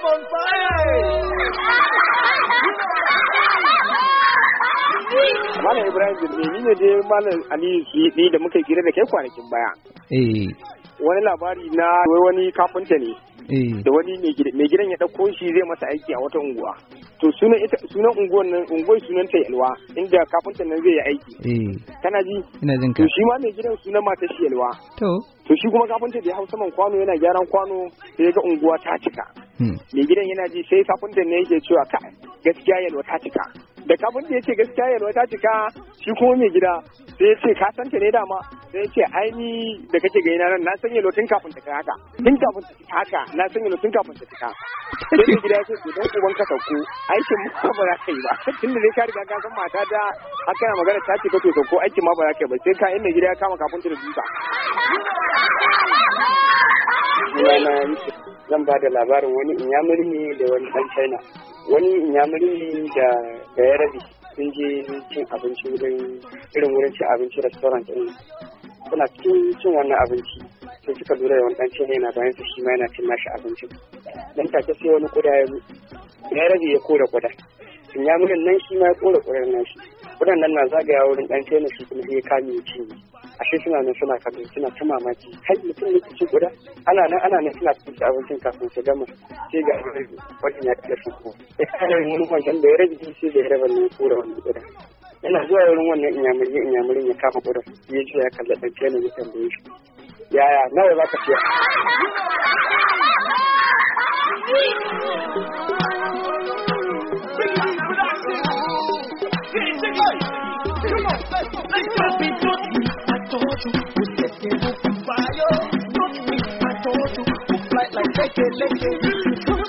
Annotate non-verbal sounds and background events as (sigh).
Malam Ibrahim Jirgi, ni ne dai Malam Aliyu ne da muka kira da kai kwanakin baya. Eh. Wani labari na wani kafinta ne. Eh. da wani mai gidan ya ɗauko shi zai masa aiki a wata unguwa to sunan unguwar nan unguwar sunan ta yalwa inda kafinta nan zai yi aiki eh. kana ji ina jin ka to shi ma mai gidan sunan mata shi yalwa to to shi kuma kafinta da ya hau saman kwano yana gyaran kwano sai ya ga unguwa ta cika Hmm. mai gidan yana ji sai kafin da ne yake cewa ka gaskiya yalwa ta cika da kafin da yake gaskiya yalwa ta cika shi kuma mai gida sai ya ce ka san ta ne dama sai ya ce aini da kake na nan na san yalwa tun kafin ta haka tun kafin ta cika haka na san yalwa tun kafin ta cika sai mai gida ya ce don uban ka sauko aikin ma ba za ka yi ba (laughs) tun da zai ka riga ka san mata da haka na magana ta ce ka to sauko aikin ma ba za ka yi ba sai ka inda gida ya kama kafin ta da duka. zan ba da labarin wani inyamuri ne da wani dan china wani inyamuri ne da da ya rabi sun je cin abinci wurin irin wurin cin abinci restaurant ɗin suna cikin cin wannan abinci sai suka lura da wani dan china yana bayan su shi ma yana cin nashi abinci dan take sai wani kuda ya ya rabi ya kora kuda inyamurin nan shi ma ya kora kudan nashi waɗannan na zagaya wurin ɗan shi kuma sai ya kame ya cinye shi suna nan suna kallo suna ta mamaki kai mutum ne ci guda ana nan ana nan suna cin abincin kafin su gama sai ga wajen ya kada su kuma ya kare wani wancan da ya rage sai da ya raba ne kura wani guda yana zuwa wurin wannan inyamuri inyamurin ya kama guda ya ce ya kalla ɗan na ya tambaye shi yaya nawa za ka siya come on, let's, go. I told you. We set fire. me, I told you. We fly like